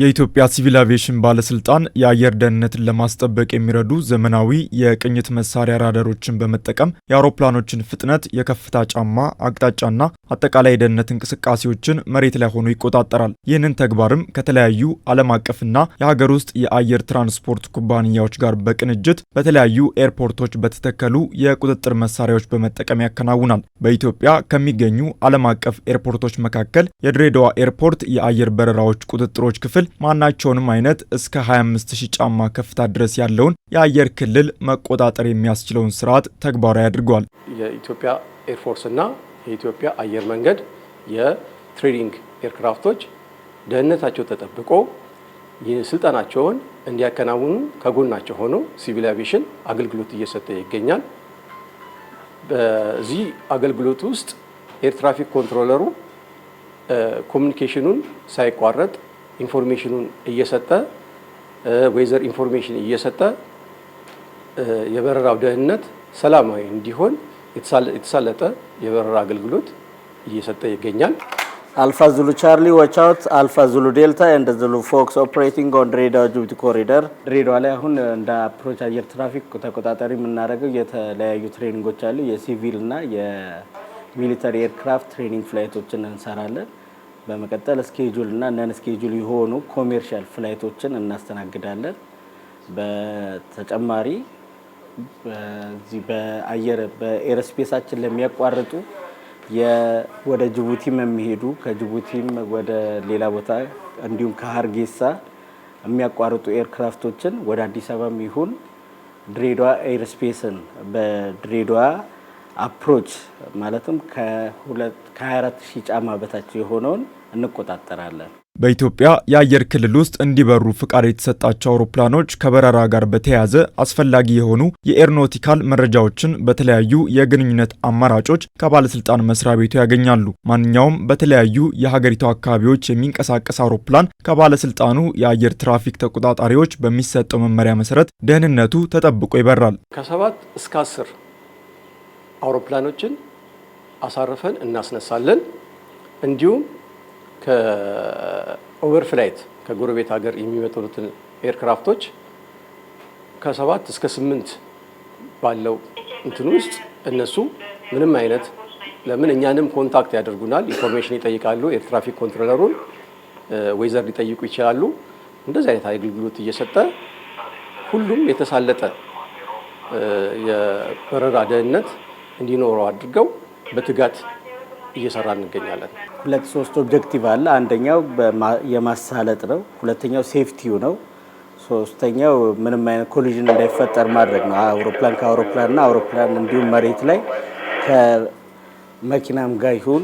የኢትዮጵያ ሲቪል አቪዬሽን ባለስልጣን የአየር ደህንነትን ለማስጠበቅ የሚረዱ ዘመናዊ የቅኝት መሳሪያ ራዳሮችን በመጠቀም የአውሮፕላኖችን ፍጥነት፣ የከፍታ ጫማ፣ አቅጣጫና አጠቃላይ የደህንነት እንቅስቃሴዎችን መሬት ላይ ሆኖ ይቆጣጠራል። ይህንን ተግባርም ከተለያዩ ዓለም አቀፍና የሀገር ውስጥ የአየር ትራንስፖርት ኩባንያዎች ጋር በቅንጅት በተለያዩ ኤርፖርቶች በተተከሉ የቁጥጥር መሳሪያዎች በመጠቀም ያከናውናል። በኢትዮጵያ ከሚገኙ ዓለም አቀፍ ኤርፖርቶች መካከል የድሬዳዋ ኤርፖርት የአየር በረራዎች ቁጥጥሮች ክፍል ማናቸውንም አይነት እስከ 25000 ጫማ ከፍታ ድረስ ያለውን የአየር ክልል መቆጣጠር የሚያስችለውን ስርዓት ተግባራዊ አድርጓል። የኢትዮጵያ ኤርፎርስ እና የኢትዮጵያ አየር መንገድ የትሬዲንግ ኤርክራፍቶች ደህንነታቸው ተጠብቆ ስልጠናቸውን እንዲያከናውኑ ከጎናቸው ሆኖ ሲቪል አቪሽን አገልግሎት እየሰጠ ይገኛል። በዚህ አገልግሎት ውስጥ ኤር ትራፊክ ኮንትሮለሩ ኮሚኒኬሽኑን ሳይቋረጥ ኢንፎርሜሽኑን እየሰጠ ወይዘር ኢንፎርሜሽን እየሰጠ የበረራው ደህንነት ሰላማዊ እንዲሆን የተሳለጠ የበረራ አገልግሎት እየሰጠ ይገኛል። አልፋ ዙሉ ቻርሊ አውት አልፋ ዙሉ ዴልታ ኤንድ ዙሉ ፎክስ ኦፕሬቲንግ ኦን ድሬዳዋ ጅቡቲ ኮሪደር። ድሬዳዋ ላይ አሁን እንደ አፕሮች አየር ትራፊክ ተቆጣጣሪ የምናደርገው የተለያዩ ትሬኒንጎች አሉ። የሲቪል እና የሚሊተሪ ኤርክራፍት ትሬኒንግ ፍላይቶችን እንሰራለን። በመቀጠል ስኬጁል እና ነን ስኬጁል የሆኑ ኮሜርሻል ፍላይቶችን እናስተናግዳለን። በተጨማሪ በዚህ በአየር በኤርስፔሳችን ለሚያቋርጡ ወደ ጅቡቲም የሚሄዱ ከጅቡቲም ወደ ሌላ ቦታ እንዲሁም ከሀርጌሳ የሚያቋርጡ ኤርክራፍቶችን ወደ አዲስ አበባም ይሁን ድሬዳዋ ኤርስፔስን በድሬዳዋ አፕሮች ማለትም ከ24 ሺህ ጫማ በታች የሆነውን እንቆጣጠራለን። በኢትዮጵያ የአየር ክልል ውስጥ እንዲበሩ ፍቃድ የተሰጣቸው አውሮፕላኖች ከበረራ ጋር በተያያዘ አስፈላጊ የሆኑ የኤርኖቲካል መረጃዎችን በተለያዩ የግንኙነት አማራጮች ከባለስልጣን መስሪያ ቤቱ ያገኛሉ። ማንኛውም በተለያዩ የሀገሪቱ አካባቢዎች የሚንቀሳቀስ አውሮፕላን ከባለስልጣኑ የአየር ትራፊክ ተቆጣጣሪዎች በሚሰጠው መመሪያ መሰረት ደህንነቱ ተጠብቆ ይበራል። ከሰባት እስከ አስር አውሮፕላኖችን አሳርፈን እናስነሳለን እንዲሁም ከኦቨርፍላይት ከጎረቤት ሀገር የሚመጡትን ኤርክራፍቶች ከሰባት እስከ ስምንት ባለው እንትን ውስጥ እነሱ ምንም አይነት ለምን እኛንም ኮንታክት ያደርጉናል፣ ኢንፎርሜሽን ይጠይቃሉ። ኤር ትራፊክ ኮንትሮለሩን ወይዘር ሊጠይቁ ይችላሉ። እንደዚህ አይነት አገልግሎት እየሰጠ ሁሉም የተሳለጠ የበረራ ደህንነት እንዲኖረው አድርገው በትጋት እየሰራ እንገኛለን። ሁለት ሶስት ኦብጀክቲቭ አለ። አንደኛው የማሳለጥ ነው። ሁለተኛው ሴፍቲው ነው። ሶስተኛው ምንም አይነት ኮሊዥን እንዳይፈጠር ማድረግ ነው። አውሮፕላን ከአውሮፕላንና አውሮፕላን እንዲሁም መሬት ላይ መኪናም ጋር ይሁን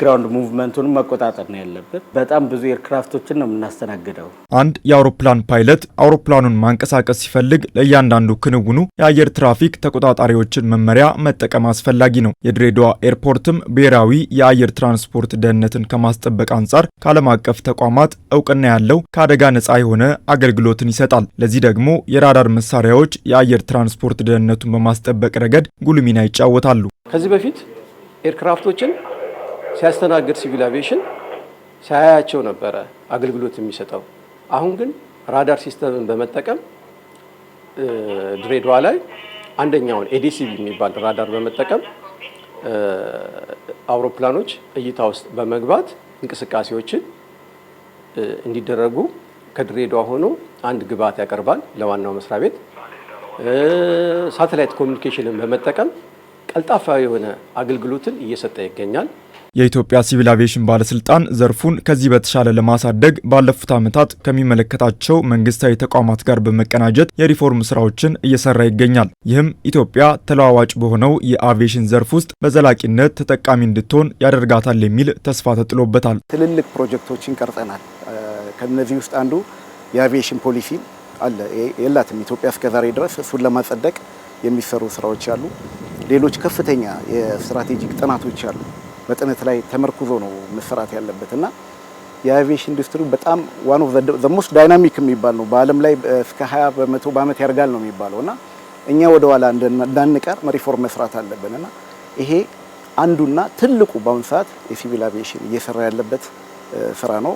ግራውንድ ሙቭመንቱን መቆጣጠር ነው ያለብን። በጣም ብዙ ኤርክራፍቶችን ነው የምናስተናግደው። አንድ የአውሮፕላን ፓይለት አውሮፕላኑን ማንቀሳቀስ ሲፈልግ ለእያንዳንዱ ክንውኑ የአየር ትራፊክ ተቆጣጣሪዎችን መመሪያ መጠቀም አስፈላጊ ነው። የድሬዳዋ ኤርፖርትም ብሔራዊ የአየር ትራንስፖርት ደህንነትን ከማስጠበቅ አንጻር ከዓለም አቀፍ ተቋማት እውቅና ያለው ከአደጋ ነፃ የሆነ አገልግሎትን ይሰጣል። ለዚህ ደግሞ የራዳር መሳሪያዎች የአየር ትራንስፖርት ደህንነቱን በማስጠበቅ ረገድ ጉልሚና ሚና ይጫወታሉ። ከዚህ በፊት ኤርክራፍቶችን ሲያስተናግድ ሲቪል አቪዬሽን ሲያያቸው ነበረ አገልግሎት የሚሰጠው። አሁን ግን ራዳር ሲስተምን በመጠቀም ድሬዳዋ ላይ አንደኛውን ኤዲሲቪ የሚባል ራዳር በመጠቀም አውሮፕላኖች እይታ ውስጥ በመግባት እንቅስቃሴዎችን እንዲደረጉ ከድሬዳዋ ሆኖ አንድ ግብዓት ያቀርባል ለዋናው መስሪያ ቤት። ሳተላይት ኮሚኒኬሽንን በመጠቀም ቀልጣፋ የሆነ አገልግሎትን እየሰጠ ይገኛል። የኢትዮጵያ ሲቪል አቪዬሽን ባለስልጣን ዘርፉን ከዚህ በተሻለ ለማሳደግ ባለፉት ዓመታት ከሚመለከታቸው መንግስታዊ ተቋማት ጋር በመቀናጀት የሪፎርም ስራዎችን እየሰራ ይገኛል። ይህም ኢትዮጵያ ተለዋዋጭ በሆነው የአቪዬሽን ዘርፍ ውስጥ በዘላቂነት ተጠቃሚ እንድትሆን ያደርጋታል የሚል ተስፋ ተጥሎበታል። ትልልቅ ፕሮጀክቶችን ቀርጸናል። ከነዚህ ውስጥ አንዱ የአቪዬሽን ፖሊሲ አለ የላትም ኢትዮጵያ እስከዛሬ ድረስ እሱን ለማጸደቅ የሚሰሩ ስራዎች አሉ። ሌሎች ከፍተኛ የስትራቴጂክ ጥናቶች አሉ። በጥነት ላይ ተመርኩዞ ነው መሰራት ያለበት እና የአቪዬሽን ኢንዱስትሪ በጣም ዋን ኦፍ ዘ ሞስት ዳይናሚክ የሚባል ነው። በዓለም ላይ እስከ 20 በመቶ በዓመት ያድጋል ነው የሚባለው እና እኛ ወደ ኋላ እንዳንቀር ሪፎርም መስራት አለብን እና ይሄ አንዱና ትልቁ በአሁኑ ሰዓት የሲቪል አቪዬሽን እየሰራ ያለበት ስራ ነው።